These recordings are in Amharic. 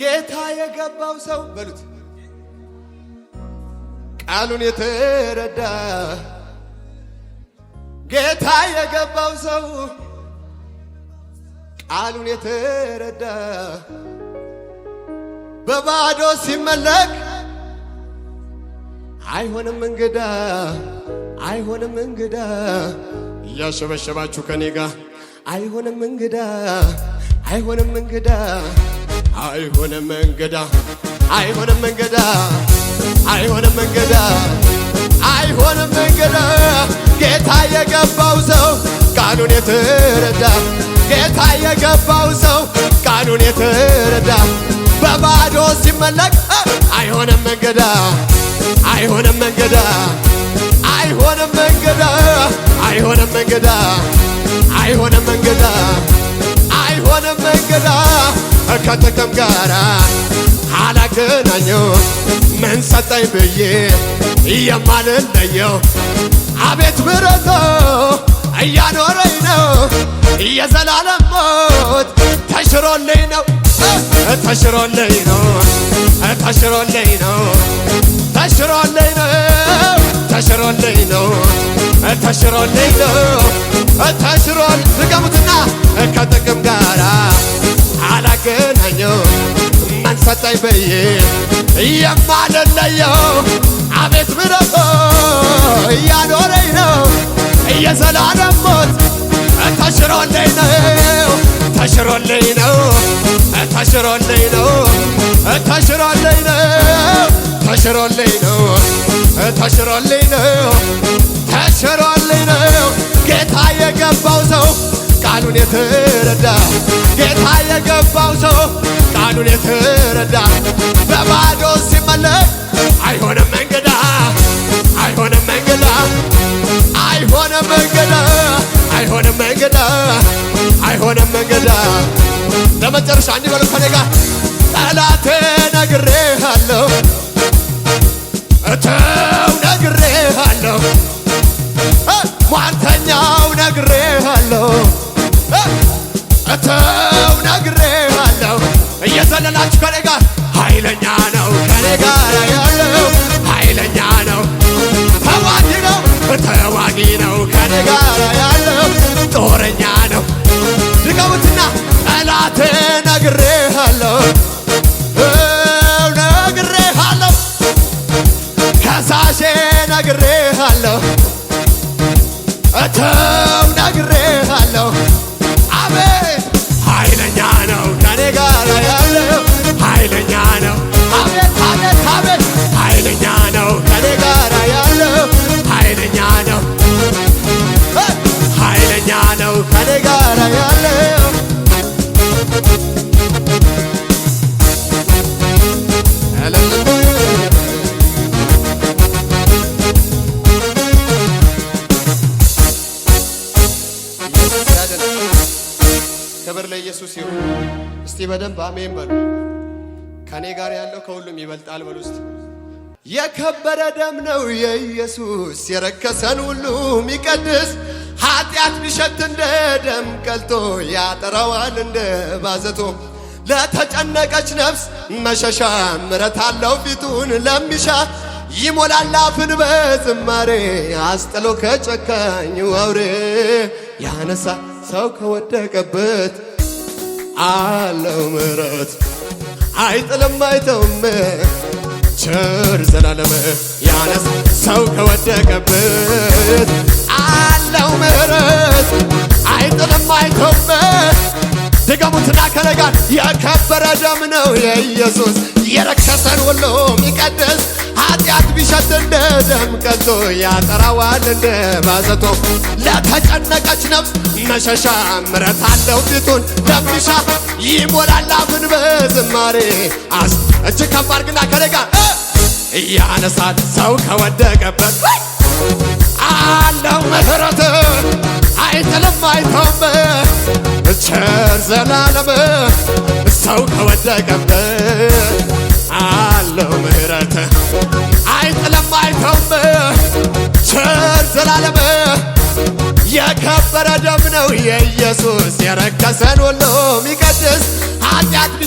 ጌታ የገባው ሰው በሉት ቃሉን የተረዳ ጌታ የገባው ሰው ቃሉን የተረዳ በባዶ ሲመለክ አይሆንም እንግዳ አይሆንም እንግዳ እያሸበሸባችሁ ከኔ ጋር አይሆንም እንግዳ አይሆንም እንግዳ አይሆንም መንገዳ አይሆንም መንገዳ አይሆንም መንገዳ አይሆንም መንገዳ ጌታ የገባው ሰው ቃሉን የተረዳ ጌታ የገባው ሰው ቃሉን የተረዳ በባዶ ሲመለክ አይሆንም መንገዳ አይሆንም መንገዳ አይሆንም መንገዳ አይሆንም መንገዳ አይሆንም መንገዳ አይሆንም መንገዳ ከጥቅም ጋራ አላገናኘው ምን ሰጠኝ ብዬ የማልለየው አቤት ምረቶ እያኖረኝ ነው የዘላለም ሞት ተሽሮልኝ ነው ተሽሮልኝ ነው ተሽሮልኝ ነው ተሽሮልኝ ነው ተሽሮልኝ ነው ተሽሮልኝ ነው ተሽሮል ድገሙትና ከጥቅም ጋራ አላገናኘው መንሰጠኝ ብዬ የማልለየው አቤት ምረቶ እያኖረኝ ነው እየዘላለም ሞት ተሽሮልኝ ነው ተሽሮልኝ ነው ተሽሮልኝ ነው ተሽሮልኝ ነው ተሽሮልኝ ነው ተሽሮልኝ ነው ተሽሮልኝ ነው ጌታ የገባው ሰው ቃሉን የተረዳ ጌታ የገባው ሰው ቃሉን የተረዳ በባዶ ሲመለስ አይሆንም እንግዳ አይሆንም እንግዳ አይሆንም እንግዳ አይሆንም እንግዳ አይሆንም እንግዳ ለመጨረሻ እንዲበሉ ከኔ ጋር ጠላቴ ከኔ ጋር ኃይለኛ ነው ከኔ ጋር ያለው ኃይለኛ ነው ተዋጊ ነው ተዋጊ ነው ከኔ ጋር ያለው ጦረኛ ነው ድገሙትና ጠላቴ ነግሬሃለሁ ነግሬሃለሁ ከሳሼ ነግሬሃለሁ ለኢየሱስ ይሁን። እስቲ በደንብ አሜን በሉ። ከእኔ ጋር ያለው ከሁሉም ይበልጣል በሉ እስቲ። የከበረ ደም ነው የኢየሱስ የረከሰን ሁሉ ሚቀድስ ኃጢአት ቢሸት እንደ ደም ቀልቶ ያጠራዋል እንደ ባዘቶ ለተጨነቀች ነፍስ መሸሻ ምረት አለው ፊቱን ለሚሻ ይሞላል አፍን በዝማሬ አስጥሎ ከጨካኝ አውሬ ያነሳ ሰው ከወደቀበት አለው ምሕረት አይጥልም አይተውም ቸር ዘላለም ያነስ ሰው ከወደቀበት አለው ምሕረት አይጥልም አይተውም ድገሙትና ከረጋን የከበረ ደም ነው የኢየሱስ የረከሰን ሁሉ የሚቀድስ ኃጢአት ቢሸት እንደ ደም ቀልቶ ያጠራዋል እንደ ባዘቶ ለተጨነቀች ነፍስ መሸሻ ምረት አለው ፊቱን ለሚሻ ይሞላል አፍን በዝማሬ አስ እጅ ከፍ አድርግና ከደጋ እያነሳል ሰው ከወደቀበት አለው መሰረት አይጥልም አይተውም ቸር ዘላለም ሰው ከወደቀበት አለው ምህረት አይጥልም አይተውም ቸር ዘላለም የከበረ ደም ነው የኢየሱስ የረከሰን ሁሉ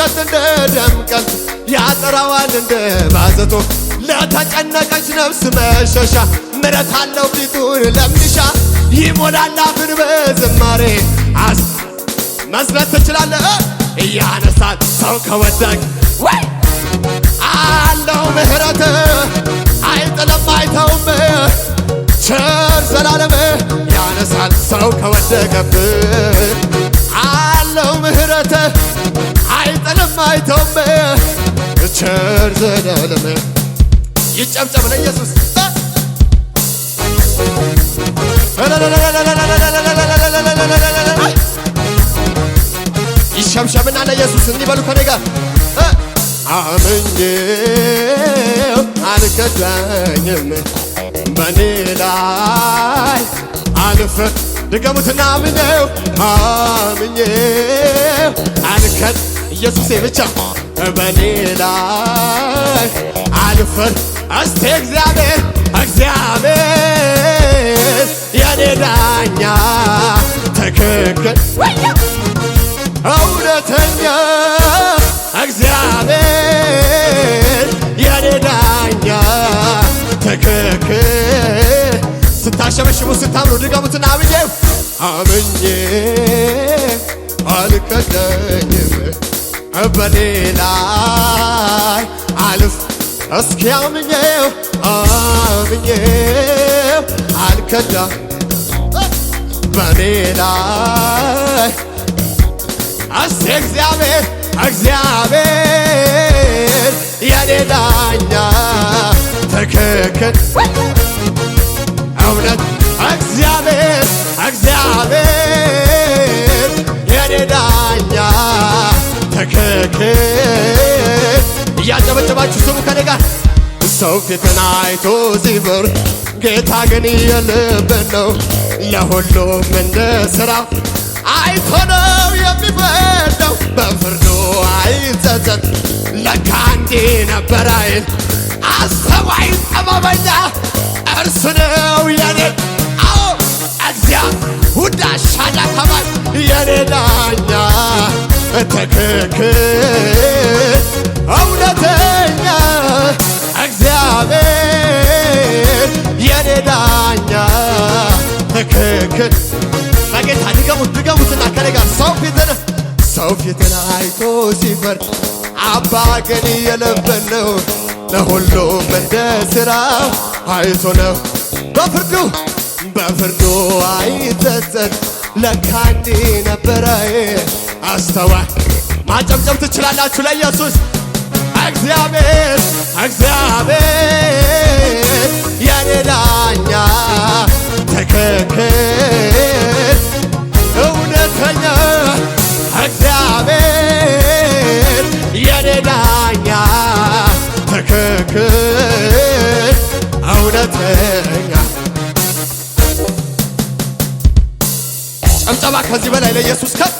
ይወቅሻት እንደ ደም ቀልት ያጠራዋል እንደ ባዘቶ ለተጨነቀች ነፍስ መሸሻ ምረት አለው ፊቱን ለምልሻ ይሞላል አፍን በዝማሬ አስ መስረት ትችላለ እያነሳት ሰው ከወደቅ ወይ አለው ምህረት አይጥለም አይተውም ቸር ዘላለም ያነሳል ሰው ከወደቀብህ አይቶም ቸር ዘላለም ይጨብጨብ ለኢየሱስ ይሸብሸብና ለኢየሱስ እንዲህ በሉ ከኔ ጋር አምኜው አልከዳኝም በኔ ላይ አልፈ ድገሙትና አምኜው አምኜው አልከዳ ኢየሱሴ ብቻ በሌላ አልፈር እስቲ እግዚአብሔር እግዚአብሔር የኔ ዳኛ ትክክል እውነተኛ እግዚአብሔር የኔ ዳኛ ትክክል ስታሸበሽቡ ስታምሩ ድገሙትና አብዬ አምኜ አልከለኝም በሌላ አልፍ እስኪ አምኜው አምኜው አልከዳ በሌላ እስቲ እግዚአብሔር እግዚአብሔር የኔ ዳኛ ትክክል እውነት ምስክር እያጨበጨባችሁ ስሙ ከኔ ጋር ሰው ፊትን አይቶ ሲፈር ጌታ ግን የልብን ነው ለሁሉም እንደ ሥራ አይቶ ነው የሚፈርደው በፍርዱ አይጸጸት ለካ እንዲህ ነበር አይል አስተዋይ ጠበበኛ እርሱ ነው የኔ አዎ እግዚአብሔር ሁዳ ሻላ ከባል የኔ ዳኛ ፍትክክ እውነተኛ እግዚአብሔር የኔ ዳኛ ትክክ በጌታ ድገሙት ድገሙትና ከኔ ጋር ሰው ፊትን ሰው ፊትን አይቶ ሲፈርድ አባ ግን የለበን ነው ለሁሉም እንደ ሥራው አይቶ ነው በፍርዱ በፍርዱ አይጸጸት ለካ እንዲህ ነበረ አስተዋይ ማጨምጨም ትችላላችሁ ለኢየሱስ እግዚአብሔር እግዚአብሔር የኔ ዳኛ ትክክል እውነተኛ እግዚአብሔር የኔ ዳኛ ትክክል እውነተኛ ጨብጨባ ከዚህ በላይ ለኢየሱስ ከፍ